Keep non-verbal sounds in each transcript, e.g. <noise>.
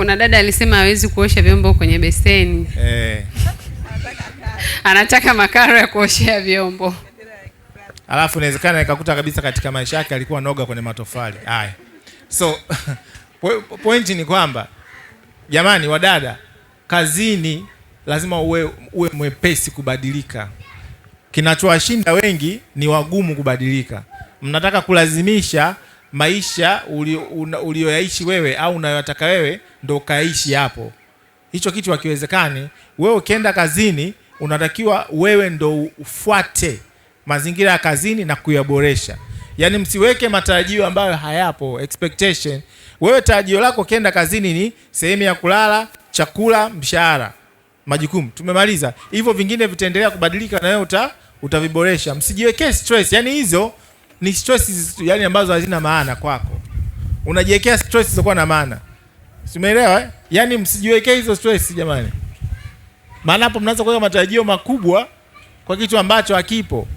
Kuna dada alisema hawezi kuosha vyombo kwenye beseni eh. anataka makaro ya kuoshea vyombo, alafu inawezekana ikakuta kabisa katika maisha yake alikuwa noga kwenye matofali haya. So <laughs> pointi ni kwamba jamani, wadada kazini, lazima uwe, uwe mwepesi kubadilika. Kinachowashinda wengi ni wagumu kubadilika. Mnataka kulazimisha maisha ulioyaishi wewe au unayoyataka wewe ndo ukaishi hapo. Hicho kitu hakiwezekani. Wewe ukienda kazini, unatakiwa wewe ndo ufuate mazingira ya kazini na kuyaboresha. Yaani msiweke matarajio ambayo hayapo, expectation. Wewe tarajio lako ukienda kazini ni sehemu ya kulala, chakula, mshahara, majukumu. Tumemaliza hivyo, vingine vitaendelea kubadilika na wewe uta, utaviboresha. Msijiwekee stress, yaani hizo ni stress, yaani ambazo hazina maana kwako. Unajiwekea stress zisizokuwa na maana. Simeelewa eh? Yaani msijiwekee hizo stress jamani, maana hapo mnaanza kuweka matarajio makubwa kwa kitu ambacho hakipo.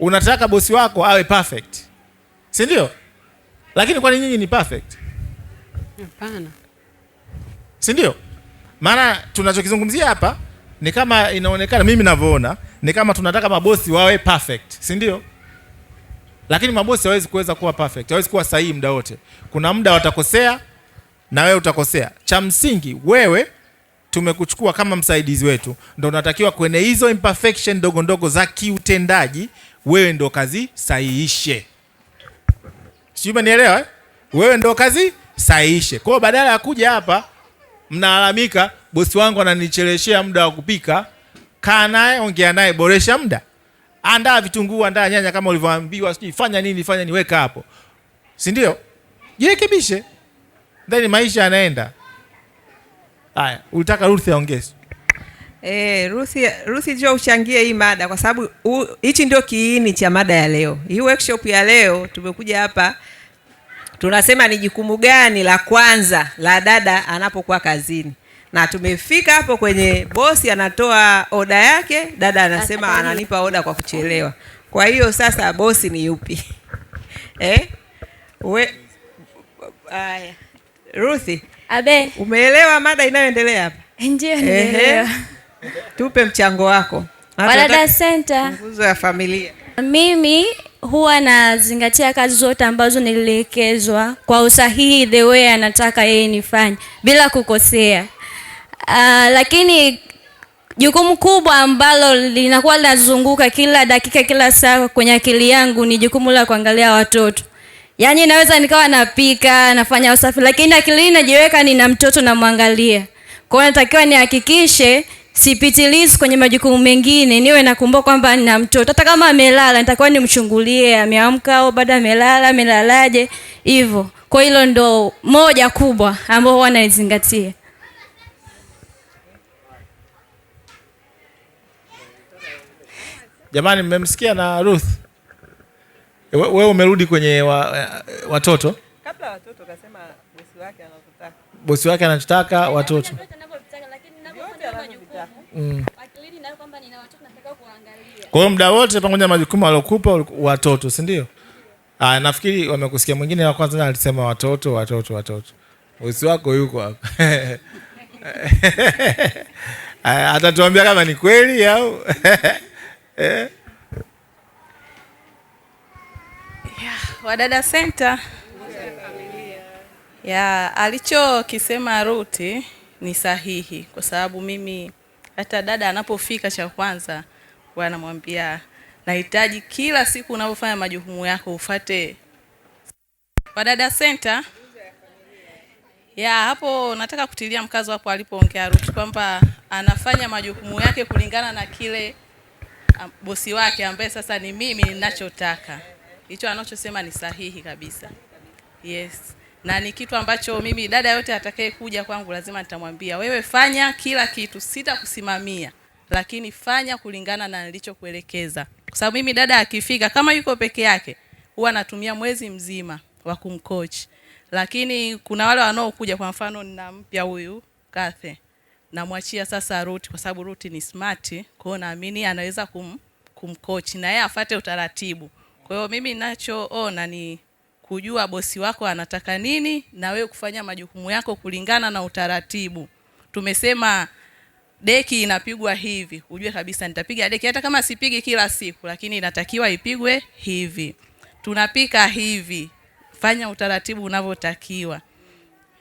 Unataka bosi wako awe perfect, si ndio? Lakini kwani nyinyi ni perfect? Hapana, si ndio? Maana tunachokizungumzia hapa ni kama inaonekana, mimi navyoona ni kama tunataka mabosi wawe perfect, si ndio? Lakini mabosi hawezi kuweza kuwa perfect, hawezi kuwa sahihi muda wote. Kuna muda watakosea na wewe utakosea. Cha msingi wewe tumekuchukua kama msaidizi wetu, ndo unatakiwa kwenye hizo imperfection ndogo ndogo za kiutendaji, wewe ndo kazi sahihishe, sijui umenielewa eh? Wewe ndo kazi sahihishe. Kwa hiyo badala ya kuja hapa mnalalamika, bosi wangu ananicheleshea muda wa kupika, kaa naye, ongea naye, boresha muda, andaa vitunguu, andaa nyanya kama ulivyoambiwa, sijui fanya nini, fanya niweka hapo, si ndio? Jirekebishe then maisha yanaenda. Haya, ulitaka Ruth aongee. e, eh, Ruth, Ruth njoo uchangie hii mada kwa sababu hichi ndio kiini cha mada ya leo. Hii workshop ya leo tumekuja hapa tunasema ni jukumu gani la kwanza la dada anapokuwa kazini, na tumefika hapo kwenye bosi anatoa oda yake, dada anasema ananipa oda kwa kuchelewa. Kwa hiyo sasa bosi ni yupi? <laughs> Eh? We, aya. Ruthi, abe, umeelewa mada inayoendelea hapa? Ndio, nimeelewa. Tupe mchango wako Wadada Center, nguzo ya familia. Mimi huwa nazingatia kazi zote ambazo nilielekezwa kwa usahihi, the way anataka yeye nifanye bila kukosea. Uh, lakini jukumu kubwa ambalo linakuwa linazunguka kila dakika, kila saa kwenye akili yangu ni jukumu la kuangalia watoto. Yaani naweza nikawa napika, nafanya usafi lakini akilini najiweka nina mtoto namwangalia. Kwa hiyo natakiwa nihakikishe sipitilizi kwenye majukumu mengine, niwe nakumbuka kwamba nina mtoto. Hata kama amelala, nitakuwa nimchungulie ameamka au bado amelala, amelalaje, hivyo. Kwa hilo ndo moja kubwa ambayo huwa Jamani, mmemsikia na Ruth. Eh, wewe umerudi kwenye wa, eh, watoto kabla watoto kasema bosi wake anachotaka, bosi wake anachotaka watoto mm. Kwa hiyo muda wote pamoja na majukumu aliokupa watoto, si ndio? Ah, nafikiri wamekusikia. Mwingine wa kwanza alisema watoto watoto watoto, bosi wako yuko hapa <laughs> eh, atatuambia kama ni kweli au <laughs> Wadada Center ya alichokisema Ruti ni sahihi, kwa sababu mimi hata dada anapofika, cha kwanza anamwambia nahitaji kila siku unavyofanya majukumu yako ufate Wadada Center ya hapo. Nataka kutilia mkazo hapo alipoongea Ruti kwamba anafanya majukumu yake kulingana na kile um, bosi wake ambaye sasa ni mimi ninachotaka hicho anachosema ni sahihi kabisa. Yes, na ni kitu ambacho mimi dada yote atakaye kuja kwangu lazima nitamwambia, wewe fanya kila kitu, sitakusimamia, lakini fanya kulingana na nilichokuelekeza, kwa sababu mimi dada akifika kama yuko peke yake huwa natumia mwezi mzima wa kumcoach. lakini kuna wale wanaokuja, kwa mfano nina mpya huyu Kathe, namwachia sasa Ruti kwa sababu Ruti ni smart, kwa hiyo naamini anaweza kum, kumkochi na yeye afate utaratibu. Kwa hiyo mimi ninachoona ni kujua bosi wako anataka nini na wewe kufanya majukumu yako kulingana na utaratibu. Tumesema deki inapigwa hivi, ujue kabisa nitapiga deki hata kama sipigi kila siku, lakini inatakiwa ipigwe hivi. Tunapika hivi, fanya utaratibu unavyotakiwa.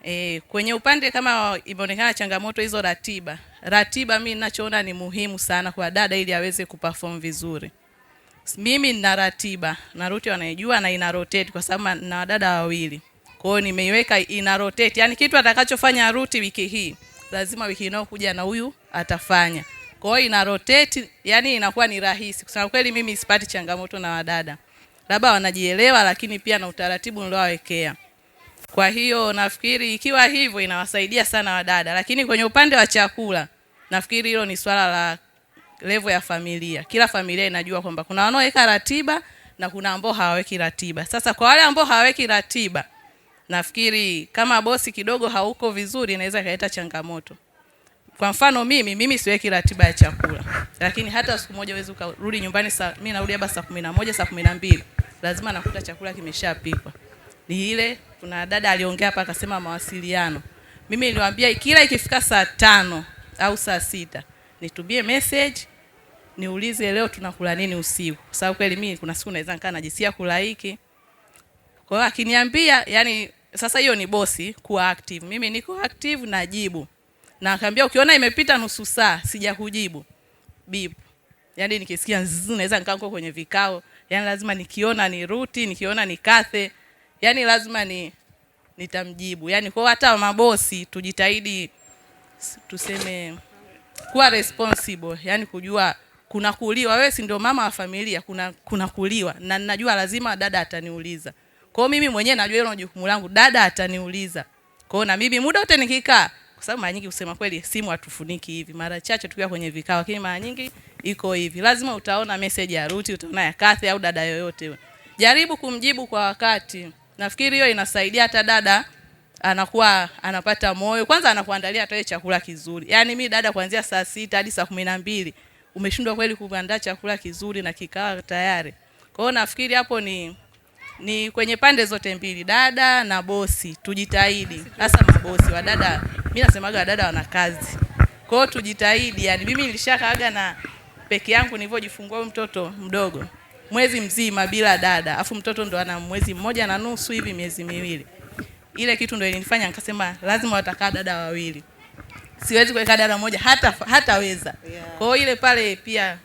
E, kwenye upande kama imeonekana changamoto hizo ratiba, ratiba mimi ninachoona ni muhimu sana kwa dada ili aweze kuperform vizuri. Mimi nina ratiba na Ruti wanaijua na ina rotate kwa sababu na wadada wawili. Kwa hiyo nimeiweka ina rotate. Yaani kitu atakachofanya Ruti wiki hii, lazima wiki inayokuja na huyu atafanya. Kwa hiyo ina rotate, yani inakuwa ni rahisi. sababu kweli mimi sipati changamoto na wadada. Labda wanajielewa lakini pia na utaratibu niliowawekea. Kwa hiyo nafikiri ikiwa hivyo inawasaidia sana wadada, lakini kwenye upande wa chakula nafikiri hilo ni swala la levo ya familia. Kila familia inajua kwamba kuna wanaoweka ratiba na kuna ambao hawaweki ratiba. Sasa kwa wale ambao hawaweki ratiba, nafikiri kama bosi kidogo hauko vizuri, inaweza ikaleta changamoto. Kwa mfano mimi mimi siweki ratiba ya chakula, lakini hata siku moja huwezi ukarudi nyumbani saa, mimi narudi hapa saa kumi na moja saa kumi na mbili lazima nakuta chakula kimeshapikwa. Ni ile kuna dada aliongea hapa akasema mawasiliano. Mimi niliwaambia kila ikifika saa tano au saa sita nitumie message niulize leo tunakula nini usiku, kwa sababu kweli mimi kuna siku naweza nikaa najisikia kula hiki. Kwa hiyo akiniambia, yani sasa hiyo ni bosi kuwa active, mimi niko active najibu, na akaambia ukiona imepita nusu saa sijakujibu bip, yani nikisikia zizi naweza nikaa kwenye vikao, yani lazima nikiona ni ruti, nikiona ni kathe, yani lazima ni nitamjibu. Yani kwa hata mabosi tujitahidi tuseme kuwa responsible, yani kujua kuna kuliwa, wewe si ndio mama wa familia, kuna kuna kuliwa, na ninajua lazima dada ataniuliza. Kwa mimi mwenyewe najua hilo jukumu langu, dada ataniuliza. Kwa na mimi muda wote nikikaa, kwa sababu mara nyingi kusema kweli simu hatufuniki hivi, mara chache tukiwa kwenye vikao, lakini mara nyingi iko hivi. Lazima utaona message ya Ruti, utaona ya Kathy au dada yoyote, jaribu kumjibu kwa wakati. Nafikiri hiyo inasaidia hata dada anakuwa anapata moyo kwanza, anakuandalia hata chakula kizuri. Yaani mi dada kuanzia saa sita hadi saa kumi na mbili umeshindwa kweli kuandaa chakula kizuri na kikawa tayari. Kwa hiyo nafikiri hapo ni ni kwenye pande zote mbili, dada na bosi, tujitahidi hasa mabosi wa dada. Mimi nasemaga wa dada wana kazi, kwa hiyo tujitahidi. Yani mimi nilishakaaga na peke yangu nilivyojifungua huyu mtoto mdogo mwezi mzima bila dada, afu mtoto ndo ana mwezi mmoja na nusu hivi, miezi miwili. Ile kitu ndo ilinifanya nikasema lazima watakaa dada wawili siwezi kuweka dara moja hata hataweza. Kwa hiyo ile pale pia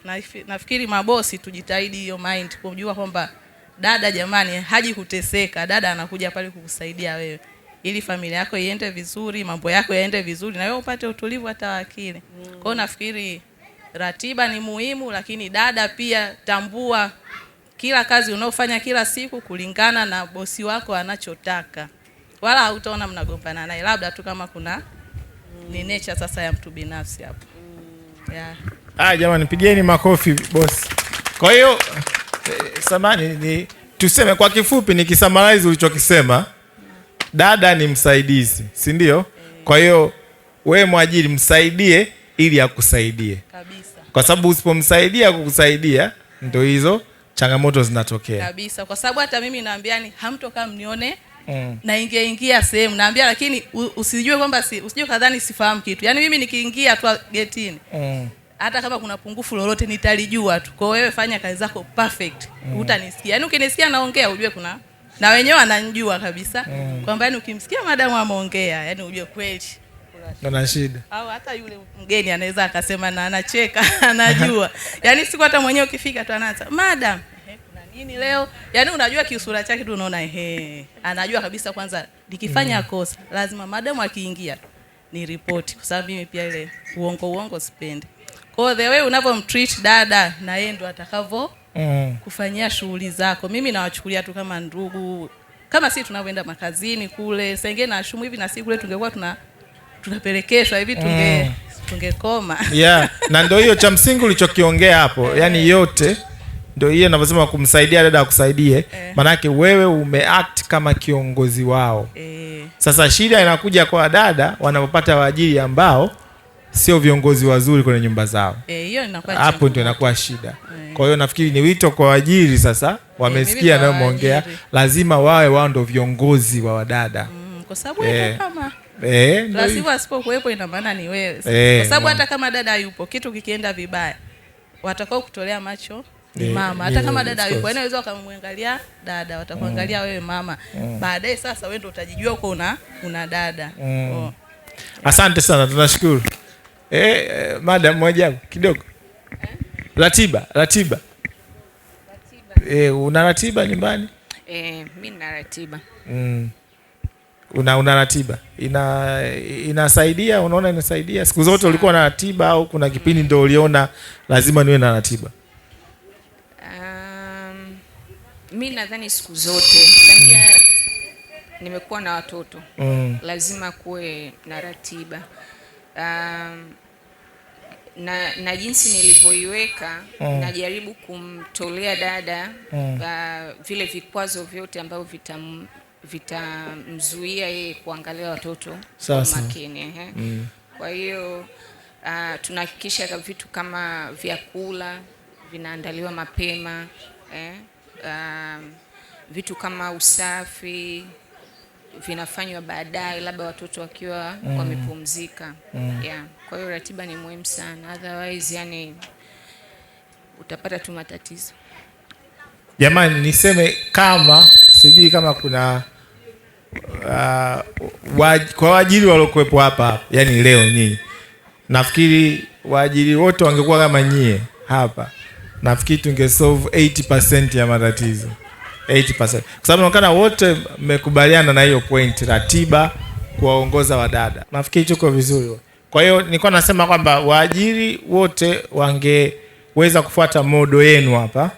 nafikiri mabosi tujitahidi hiyo mind kujua kwamba dada, jamani, haji kuteseka, dada anakuja pale kukusaidia wewe ili familia yako iende vizuri, mambo yako yaende vizuri, na wewe upate utulivu hata wa akili. Mm. Kwa hiyo nafikiri ratiba ni muhimu, lakini dada pia tambua kila kazi unaofanya kila siku kulingana na bosi wako anachotaka, wala hautaona mnagombana naye, labda tu kama kuna ni nature sasa ya mtu binafsi hapo. Mm. Yeah. Ah, jamani pigeni makofi boss. Kwa hiyo eh, samani ni tuseme kwa kifupi nikisamarize ulichokisema dada ni msaidizi, si ndio? Kwa hiyo we mwajiri msaidie ili akusaidie. Kabisa. Kwa sababu usipomsaidia kukusaidia ndio hizo changamoto zinatokea. Kabisa. Kwa sababu hata mimi naambiani hamtokaa mnione mm. ingia ingeingia sehemu naambia, lakini usijue kwamba si, usijue kadhani sifahamu kitu. Yaani mimi nikiingia tu getini mm. hata mm. kama kuna pungufu lolote nitalijua tu. kwao wewe fanya kazi zako perfect, mm. utanisikia. Yaani ukinisikia naongea ujue kuna na wenyewe ananijua kabisa mm. kwamba yani ukimsikia madamu ameongea yani ujue kweli na shida, au hata yule mgeni anaweza akasema na anacheka <laughs> anajua. Yani siku hata mwenyewe ukifika tu anaanza madam mjini leo, yaani unajua kiusura chake tu unaona ehe, anajua kabisa kwanza nikifanya mm. kosa lazima madam akiingia ni ripoti, kwa sababu mimi pia ile uongo uongo sipendi. Kwa the way unavyomtreat dada na yeye ndo atakavyo mm. kufanyia shughuli zako. Mimi nawachukulia tu kama ndugu, kama sisi tunavyoenda makazini kule senge na shumu hivi, na sisi kule tungekuwa tuna tunapelekeshwa hivi tunge mm. tungekoma yeah. na ndio hiyo cha <laughs> msingi ulichokiongea hapo, yaani yote ndio hiyo navyosema kumsaidia dada akusaidie eh. Maanake wewe umeact kama kiongozi wao eh. Sasa shida inakuja kwa dada wanapopata waajiri ambao sio viongozi wazuri kwenye nyumba zao, eh, hapo ndio inakuwa shida eh. Kwa hiyo nafikiri ni wito kwa waajiri sasa, eh, wamesikia eh, anayomwongea, lazima wawe wao ndio viongozi wa wadada mm, kwa sababu eh. kama Eh, lazima asipokuwepo ina maana ni wewe eh, kwa sababu hata kama dada yupo kitu kikienda vibaya watakao kutolea macho ni mama hata kama dada yuko anaweza akamwangalia dada, watakuangalia mm. wewe mama. Mm. Baadaye sasa wewe ndio utajijua uko una una dada. Mm. Oh. Asante sana, tunashukuru. Eh, eh madam mwajabu kidogo eh? ratiba ratiba eh, una ratiba nyumbani? Eh, mimi nina ratiba mm. Una, una ratiba ina inasaidia, unaona inasaidia siku zote. Ulikuwa na ratiba au kuna kipindi ndio uliona lazima niwe na ratiba? Um, mi nadhani siku zote tangia nimekuwa na watoto mm. lazima kuwe na ratiba um, na, na jinsi nilivyoiweka mm. najaribu kumtolea dada mm. uh, vile vikwazo vyote ambavyo vitamzuia vitamzuia yeye kuangalia watoto kwa makini eh. mm. kwa hiyo uh, tunahakikisha vitu kama vyakula vinaandaliwa mapema eh. Um, vitu kama usafi vinafanywa baadaye, labda watoto wakiwa mm. wamepumzika mm. yeah. Kwa hiyo ratiba ni muhimu sana, otherwise yani utapata tu matatizo. Jamani, niseme kama sijui kama kuna uh, waj, kwa waajiri waliokuwepo hapa yani leo nyinyi, nafikiri waajiri wote wangekuwa kama nyie hapa nafikiri tungesolve 80% ya matatizo 80%, kwa sababu naonekana wote mmekubaliana na hiyo point, ratiba kuwaongoza wadada, nafikiri tuko vizuri. Kwa hiyo nilikuwa nasema kwamba waajiri wote wangeweza kufuata modo yenu hapa,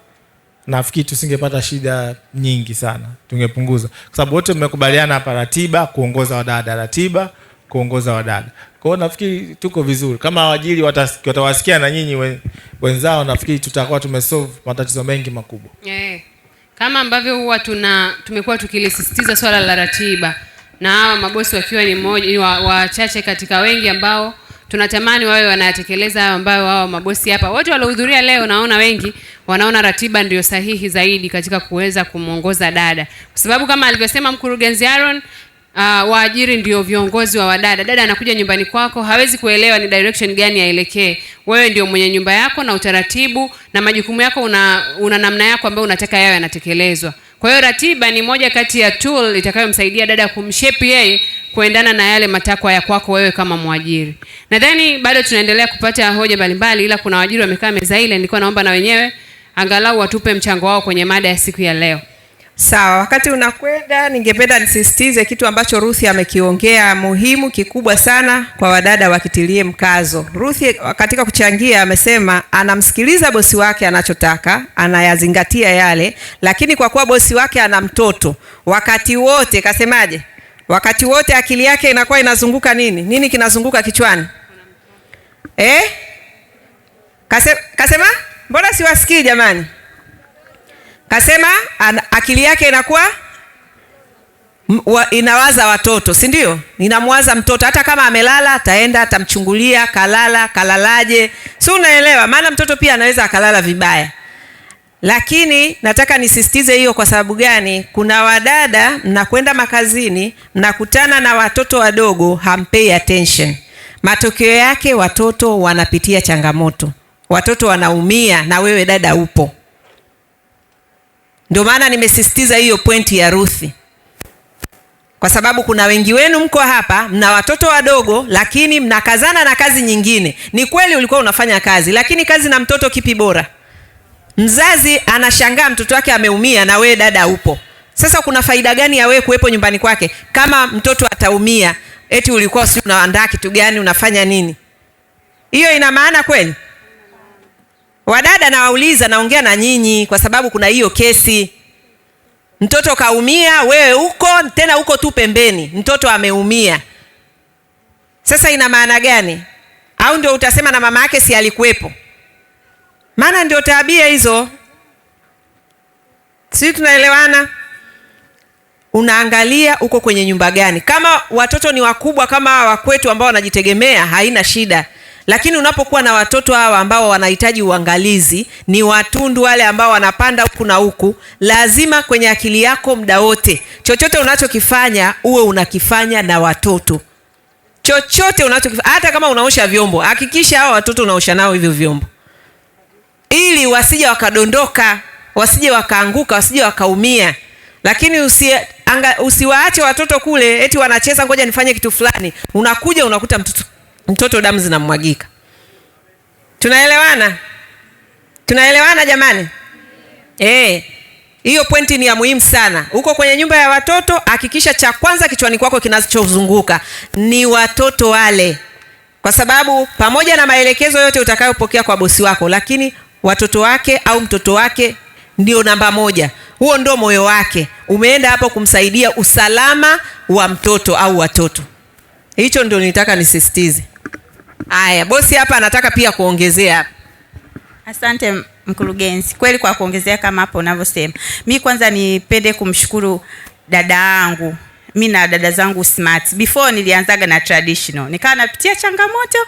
nafikiri tusingepata shida nyingi sana, tungepunguza, kwa sababu wote mmekubaliana hapa, ratiba kuongoza wadada, ratiba kuongoza wadada. Kwa hiyo nafikiri tuko vizuri, kama waajiri watawasikia na nyinyi wenzao, nafikiri tutakuwa tumesolve matatizo mengi makubwa yeah. Kama ambavyo huwa tuna tumekuwa tukilisisitiza swala la ratiba, na hawa mabosi wakiwa ni mmoja wachache wa katika wengi ambao tunatamani wawe wanayatekeleza hayo ambayo wao mabosi hapa wote waliohudhuria leo, naona wengi wanaona ratiba ndiyo sahihi zaidi katika kuweza kumwongoza dada, kwa sababu kama alivyosema mkurugenzi Aaron uh, waajiri ndio viongozi wa wadada. Dada anakuja nyumbani kwako, hawezi kuelewa ni direction gani aelekee. Wewe ndio mwenye nyumba yako na utaratibu na majukumu yako, una, una namna yako ambayo unataka yao yanatekelezwa. Kwa hiyo ratiba ni moja kati ya tool itakayomsaidia dada kumshape yeye kuendana na yale matakwa ya kwako wewe kama mwajiri. Nadhani bado tunaendelea kupata hoja mbalimbali, ila kuna waajiri wamekaa meza ile, nilikuwa naomba na wenyewe angalau watupe mchango wao kwenye mada ya siku ya leo. Sawa, wakati unakwenda, ningependa nisisitize kitu ambacho Ruthi amekiongea muhimu kikubwa sana kwa wadada, wakitilie mkazo. Ruthi katika kuchangia amesema anamsikiliza bosi wake anachotaka, anayazingatia yale, lakini kwa kuwa bosi wake ana mtoto, wakati wote kasemaje? Wakati wote akili yake inakuwa inazunguka nini nini, kinazunguka kichwani eh? Kasema, kasema mbona siwasikii jamani? Kasema an, akili yake inakuwa wa, inawaza watoto, si ndio? Ninamwaza mtoto, hata kama amelala ataenda atamchungulia, kalala kalalaje, si unaelewa? Maana mtoto pia anaweza akalala vibaya, lakini nataka nisistize hiyo. Kwa sababu gani? Kuna wadada mnakwenda makazini, mnakutana na watoto wadogo, hampei attention. Matokeo yake watoto wanapitia changamoto, watoto wanaumia, na wewe dada upo ndio maana nimesisitiza hiyo pointi ya Ruthi, kwa sababu kuna wengi wenu mko hapa, mna watoto wadogo, lakini mnakazana na kazi nyingine. Ni kweli ulikuwa unafanya kazi, lakini kazi na mtoto, kipi bora? Mzazi anashangaa mtoto wake ameumia, na wewe dada upo. Sasa kuna faida gani ya wewe kuwepo nyumbani kwake kama mtoto ataumia? Eti ulikuwa si unaandaa kitu gani, unafanya nini? Hiyo ina maana kweli? Wadada nawauliza, naongea na nyinyi kwa sababu kuna hiyo kesi, mtoto kaumia, wewe uko tena, uko tu pembeni, mtoto ameumia. Sasa ina maana gani? Au ndio utasema na mama yake si alikuwepo? Maana ndio tabia hizo, sisi tunaelewana? Unaangalia uko kwenye nyumba gani. Kama watoto ni wakubwa kama wakwetu ambao wanajitegemea, haina shida. Lakini unapokuwa na watoto hawa ambao wanahitaji uangalizi, ni watundu wale ambao wanapanda huku na huku, lazima kwenye akili yako muda wote, chochote unachokifanya uwe unakifanya na watoto. Chochote unachokifanya, hata kama unaosha vyombo, hakikisha hawa watoto unaosha nao hivyo vyombo, ili wasije wakadondoka, wasije wakaanguka, wasije wakaumia. Lakini usie anga, usiwaache watoto kule eti wanacheza, ngoja nifanye kitu fulani, unakuja unakuta mtoto mtoto damu zinamwagika. Tunaelewana? Tunaelewana jamani? Eh, hiyo pointi ni ya muhimu sana. Uko kwenye nyumba ya watoto, hakikisha cha kwanza kichwani kwako kinachozunguka ni watoto wale, kwa sababu pamoja na maelekezo yote utakayopokea kwa bosi wako, lakini watoto wake au mtoto wake ndio namba moja. Huo ndio moyo wake. Umeenda hapo kumsaidia usalama wa mtoto au watoto. Hicho ndio nilitaka nisisitize. Haya, bosi hapa anataka pia kuongezea Asante mkurugenzi, kweli kwa kuongezea kama hapo unavyosema. Mi kwanza nipende kumshukuru dada yangu mi na dada zangu smart. Before nilianzaga na traditional, nikawa napitia changamoto,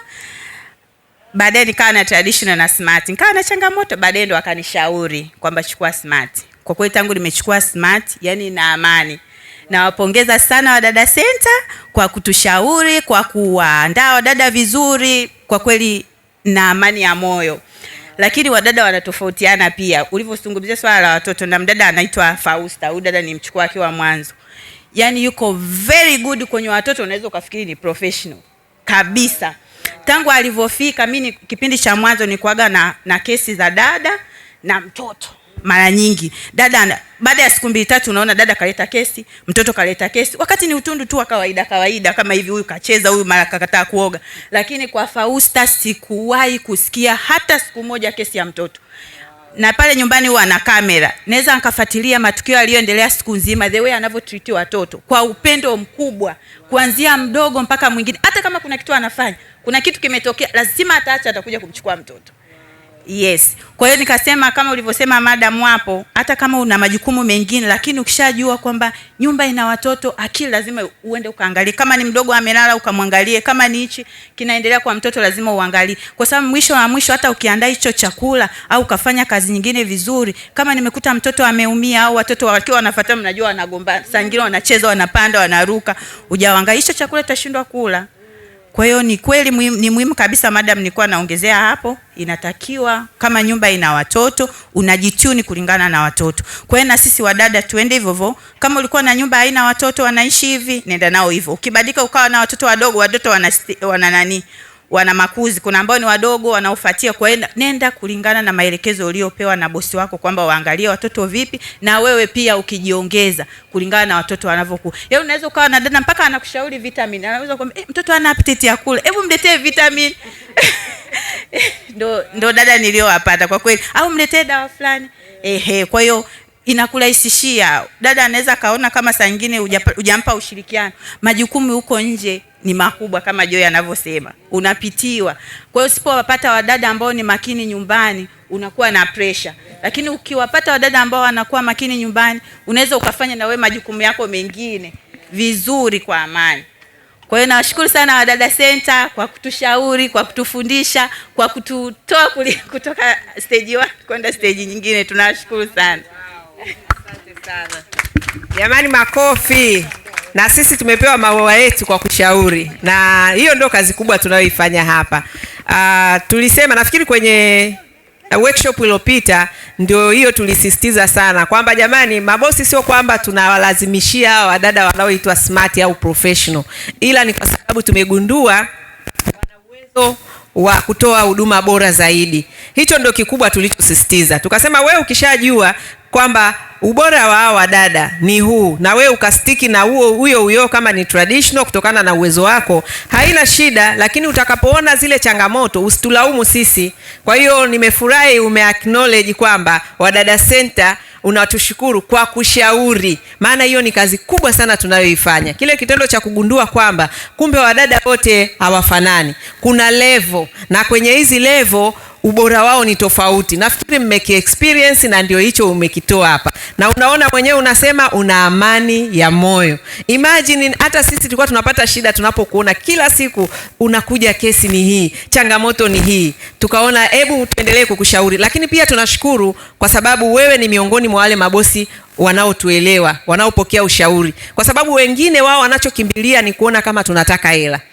baadaye nikawa na traditional na smart, nikawa na changamoto, baadaye ndo akanishauri kwamba chukua smart. Kwa kweli tangu nimechukua smart, yani na amani Nawapongeza sana Wadada Center kwa kutushauri, kwa kuwaandaa wadada vizuri. Kwa kweli na amani ya moyo, lakini wadada wanatofautiana pia. Ulivyozungumzia swala la watoto, na mdada anaitwa Fausta, huyu dada ni mchukua wa mwanzo, yaani yuko very good kwenye watoto, unaweza ukafikiri ni professional kabisa. Tangu alivyofika, mimi kipindi cha mwanzo nikuaga na, na kesi za dada na mtoto mara nyingi dada, baada ya siku mbili tatu, unaona dada kaleta kesi, mtoto kaleta kesi, wakati ni utundu tu wa kawaida kawaida, kama hivi, huyu kacheza, huyu mara kakataa kuoga. Lakini kwa Fausta sikuwahi kusikia hata siku moja kesi ya mtoto na pale nyumbani huwa na kamera, naweza nikafuatilia matukio yaliyoendelea siku nzima, the way anavyotriti watoto kwa upendo mkubwa, kuanzia mdogo mpaka mwingine. Hata kama kuna kitu anafanya, kuna kitu kimetokea, lazima ataacha, atakuja kumchukua mtoto. Yes. Kwa hiyo nikasema kama ulivyosema madam hapo, hata kama una majukumu mengine, lakini ukishajua kwamba nyumba ina watoto, akili lazima uende ukaangalie, kama ni mdogo amelala ukamwangalie, kama ni hichi kinaendelea kwa mtoto lazima uangalie, kwa sababu mwisho wa mwisho hata ukiandaa hicho chakula au ukafanya kazi nyingine vizuri, kama nimekuta mtoto ameumia au watoto wakiwa wanafuatana, mnajua wanagomba sangira, wanacheza, wanapanda, wanaruka, ujawaangalia hicho chakula utashindwa kula. Kwa hiyo ni kweli muhimu, ni muhimu kabisa madam, nilikuwa naongezea hapo, inatakiwa kama nyumba ina watoto unajituni kulingana na watoto. Kwa hiyo na sisi wadada tuende hivyo hivyo. Kama ulikuwa na nyumba haina watoto wanaishi hivi, nenda nao hivyo. Ukibadilika ukawa na watoto wadogo, watoto wana, wana nani wana makuzi, kuna ambao ni wadogo wanaofuatia. Kwa nenda kulingana na maelekezo uliopewa na bosi wako kwamba waangalie watoto vipi, na wewe pia ukijiongeza kulingana na watoto wanavyoku. Yaani unaweza ukawa na dada mpaka anakushauri vitamini, anaweza kukwambia eh, mtoto ana appetite ya kula, hebu mletee vitamini <laughs> ndo, ndo dada niliyowapata kwa kweli, au mletee dawa fulani. Ehe, kwa hiyo inakurahisishia. Dada anaweza kaona kama saa nyingine hujampa ushirikiano, majukumu huko nje ni makubwa kama Joy anavyosema, unapitiwa. Kwa hiyo usipowapata wadada ambao ni makini nyumbani unakuwa na pressure, lakini ukiwapata wadada ambao wanakuwa makini nyumbani unaweza ukafanya na wewe majukumu yako mengine vizuri kwa amani. Kwa hiyo nawashukuru sana Wadada Center kwa kutushauri, kwa kutufundisha, kwa kututoa kutoka stage 1 kwenda stage nyingine. Tunawashukuru sana. Asante sana jamani, makofi. Na sisi tumepewa maua yetu kwa kushauri, na hiyo ndio kazi kubwa tunayoifanya hapa. Uh, tulisema nafikiri kwenye workshop iliyopita ndio hiyo tulisisitiza sana kwamba jamani, mabosi sio kwamba tunawalazimishia hawa wadada wanaoitwa smart au professional, ila ni kwa sababu tumegundua wana uwezo wa kutoa huduma bora zaidi. Hicho ndio kikubwa tulichosisitiza, tukasema we ukishajua kwamba ubora wa hawa dada ni huu, na we ukastiki na huo huyo huyo kama ni traditional, kutokana na uwezo wako, haina shida. Lakini utakapoona zile changamoto usitulaumu sisi. Kwa hiyo nimefurahi ume acknowledge kwamba Wadada Center unatushukuru kwa kushauri, maana hiyo ni kazi kubwa sana tunayoifanya. Kile kitendo cha kugundua kwamba kumbe wadada wote hawafanani, kuna levo na kwenye hizi levo ubora wao ni tofauti. Nafikiri mmeki experience na ndio hicho umekitoa hapa, na unaona mwenyewe unasema una amani ya moyo. Imagine hata sisi tulikuwa tunapata shida tunapokuona kila siku, unakuja kesi ni hii, changamoto ni hii, tukaona hebu tuendelee kukushauri. Lakini pia tunashukuru kwa sababu wewe ni miongoni mwa wale mabosi wanaotuelewa, wanaopokea ushauri, kwa sababu wengine wao wanachokimbilia ni kuona kama tunataka hela.